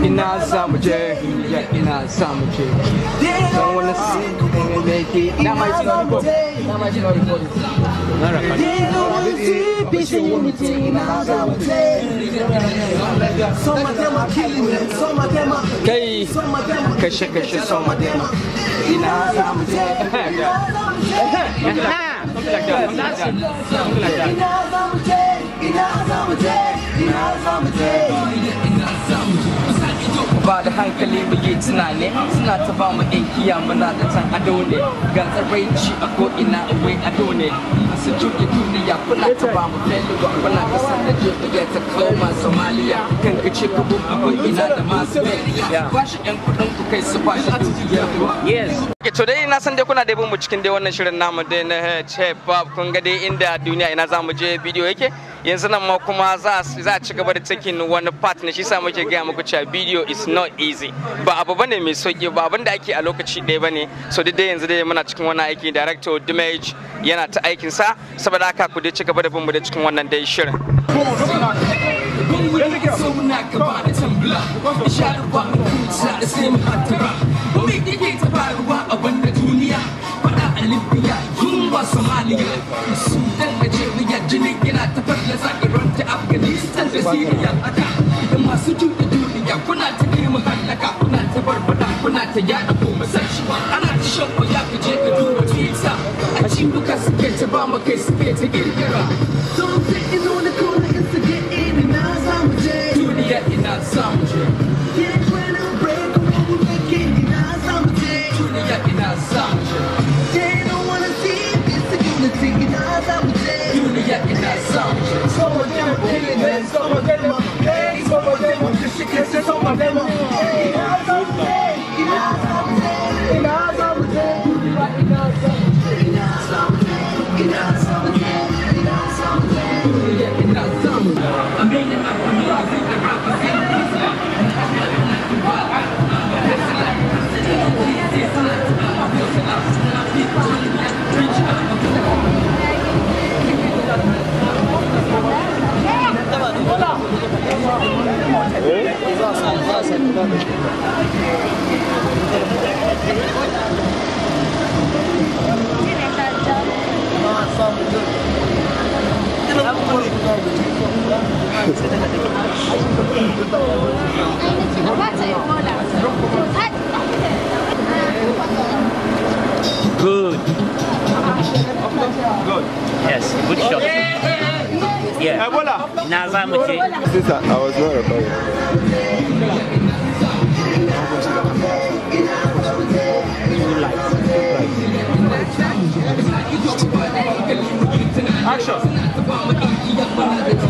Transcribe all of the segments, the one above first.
Yakina summer jack, Yakina summer Don't wanna see and make it. That might be not That might be not Some of them are killing them, some of them are some of them are Kasha Kasha, some of them are Ina Summer Jack. Something like that, something like that. Something like that. Ina Summer Jack, Ina Summer Jack, Ina Summer Jack. ba da hankali muke tunane suna ta ba mu inkiya muna da can ado ne ga tsaraici a ko'ina wai ado ne su juke duniya kuna ta ba mu failure kuna kasar da jirgin ta kauma somaliya kan ka ce ka bin abin ina da masu bayan ba shi 'yan kudin ku kai su ba shi duniya Okay, to dai na san dai kuna da bin mu cikin dai wannan shirin namu dai na Chef hop kun ga dai inda duniya ina za mu je bidiyo yake yanzu nan ma kuma za a ci gaba da cikin wani part na shi sa muke gaya muku cewa bidiyo is not easy ba abu bane mai sauki ba abin da ake a lokaci ɗaya bane so dai yanzu dai muna cikin wani aiki director Dimage yana ta aikin sa saboda haka ku dai ci gaba da bin mu da cikin wannan dai shirin Suna da sai mu ta yaɗa kuma sacewa ana ta shan ya ka je ka duba twitter a cibuka suke ta ba mu kai suke ta girgira don ta ino na kone in su iri na je duniya ina zamu je Good. Good. Yes, good shot. Yeah. yeah. Voila. Nazam Sister, I was not a player. Action.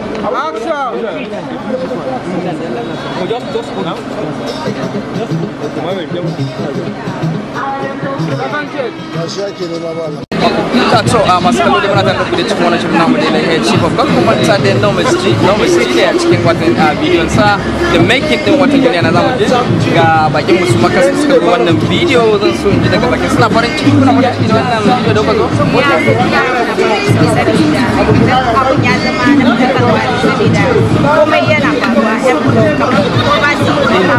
Action! Just, just put now. Just put. Come on, come on. Yaşa Kerim Abala. to a masu kallo da ta tare da cikin wani shirin namu da ya ci babban kuma ta da Nomis G Nomis G ne a cikin watan bidiyon sa da making din watan duniya na zamu ji ga bakin musu maka su suka wannan bidiyo zan so in ji daga bakin suna farin ciki kuna farin ciki da wannan bidiyo da kuka zo ya ya abun ya zama na fitarwa saboda komai yana faruwa yan kudu kamar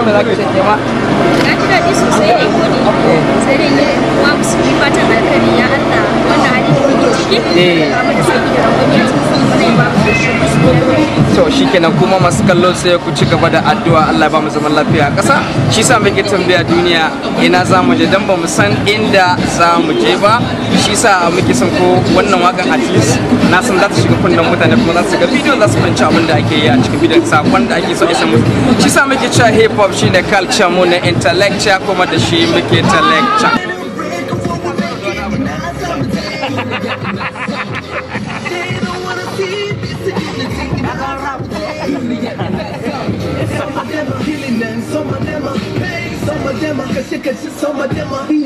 abubuwan da za ka shanye ba na ji daɗi sosai da gode sai dai ne wa musulmi fatan alkari ya allah wannan hali da ciki eh. abin da sa gidan gwamnati wani shikenan kuma masu kallo sai ku ci gaba da addu'a Allah ba mu zaman lafiya a ƙasa shi sa muke tambaya duniya ina za mu je dan ba mu san inda za mu je ba shi sa muke son ko wannan wakan at least na san za ta shiga kunnen mutane kuma za su ga bidiyon za su fahimci abin da ake yi a cikin bidiyon sa da ake so isa musu shi sa muke cewa hip hop shine culture mu na intellectual kuma da shi muke intellectual.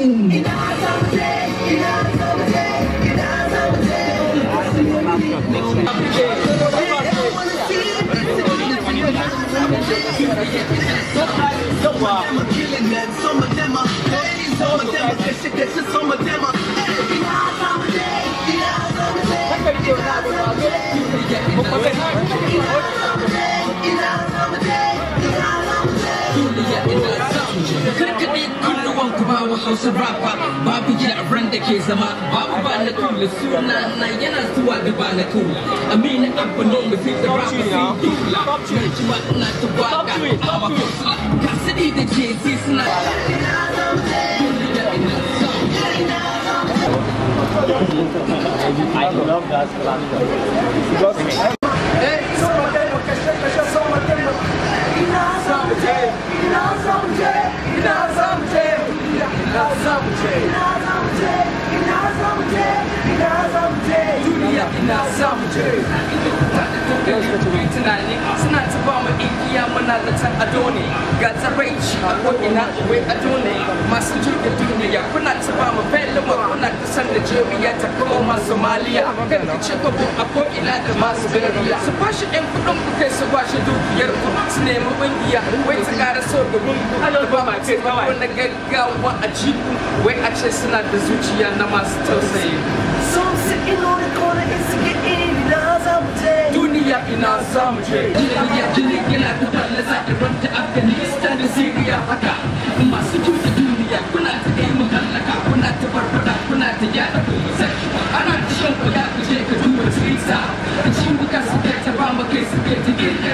sing. It Some of them are killing them, some of them are ladies, some of them are this shit, this shit, some of them are son ku ba wa hausa rapper babu yaran da ke zama babu ba na tula suna na yana zuwa da ba na tula amina abba no mu fi da rapper sun tula mai jima ina ta waka amma hausa kasidi da jezi suna I love that laughter. Hey, so much, so much, so much, so much. ina za mu je ina za mu je ina za mu je ina za mu je duniya ina za ta ba mu igiya muna a ko'ina wai ado ne masu jirgin duniya kuna ta ba mu belima da jeriya ta kuma masu maliya kan ki ce babu a ko'ina da masu beriya su bashi yan kudin ku kai su bashi dukiyar ku su nemi ƙungiya wai ba ce ba na gaggawa a cikin wai a ce suna da zuciya na masu tausayi sun su ino da kone in su ga ina za je duniya ina za mu je jirgin jirgin yana ta fallasa iran ta afghanistan da syria haka masu cuta duniya kuna ta kai mu kuna ta farfada kuna ta gyara kusa ana da shan kuya ka je ka duba tsirisa da shi muka ta ba mu kai suke ta girgin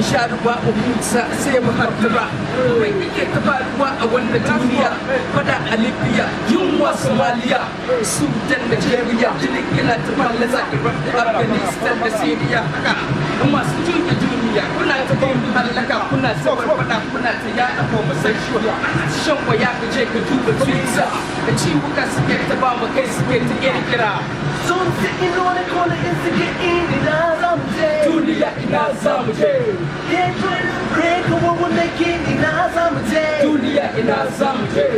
in sha ruwa in kusa sai mu hartura mai ike tabaruwa a wanda duniya fada a libya yunwa somalia sudan nigeria jinin yana taballaza afghanistan da syria haka masu jirgin duniya kuna ta bombi hallaka kuna sabar fada kuna ta yada homosexual shan waya ka je ka duba twitter da ciwuka suke the corner, kai suke take da kira sun ji ino na kona in suke ina za mu je duniya ina za 'cause we're making tun break over when they Do ina za mu je duniya ina za mu je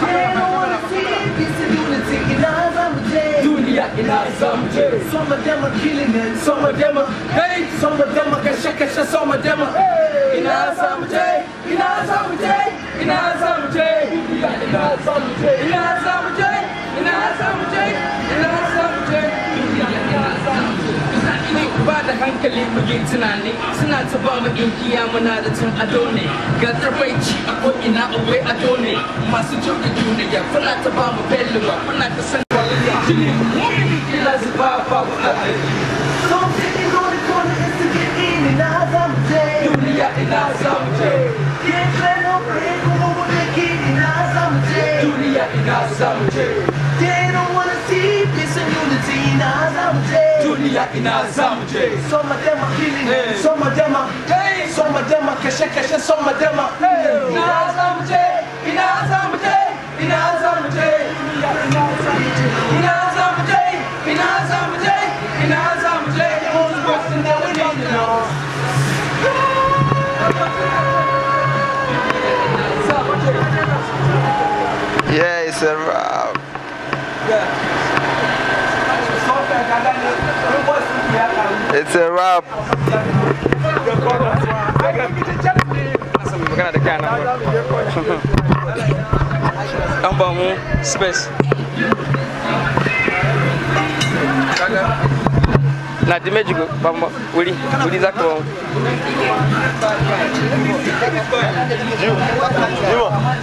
ke wanna see peace and unity ina za mu je duniya ina za mu je some of them are killing and some of them are hey some of them are kashe kashe some of them are hey ina za mu je the za mu je ina za mu in duniya ina za mu In ina za da hankali muke tunani suna ta ba mu inkiya muna da cin ado ne ga tarbaici a ko'ina akwai ado ne masu cuta duniya kuna ta ba mu ba kuna ta san waliya jini mu kila zuba ba ku solidarity. They don't wanna see peace and unity in Azamajay. Dunia in Azamajay. Some of them are killing, hey. some of them are, hey. some of them are keshe keshe, some of them are. Hey. In Azamajay, in Azamajay, in Azamajay. In Azamajay, in Azamajay, in Azamajay. Who's busting is a wrap. It's a wrap. Ambamu space. na dimeji bamba wili wili zako wao juma juma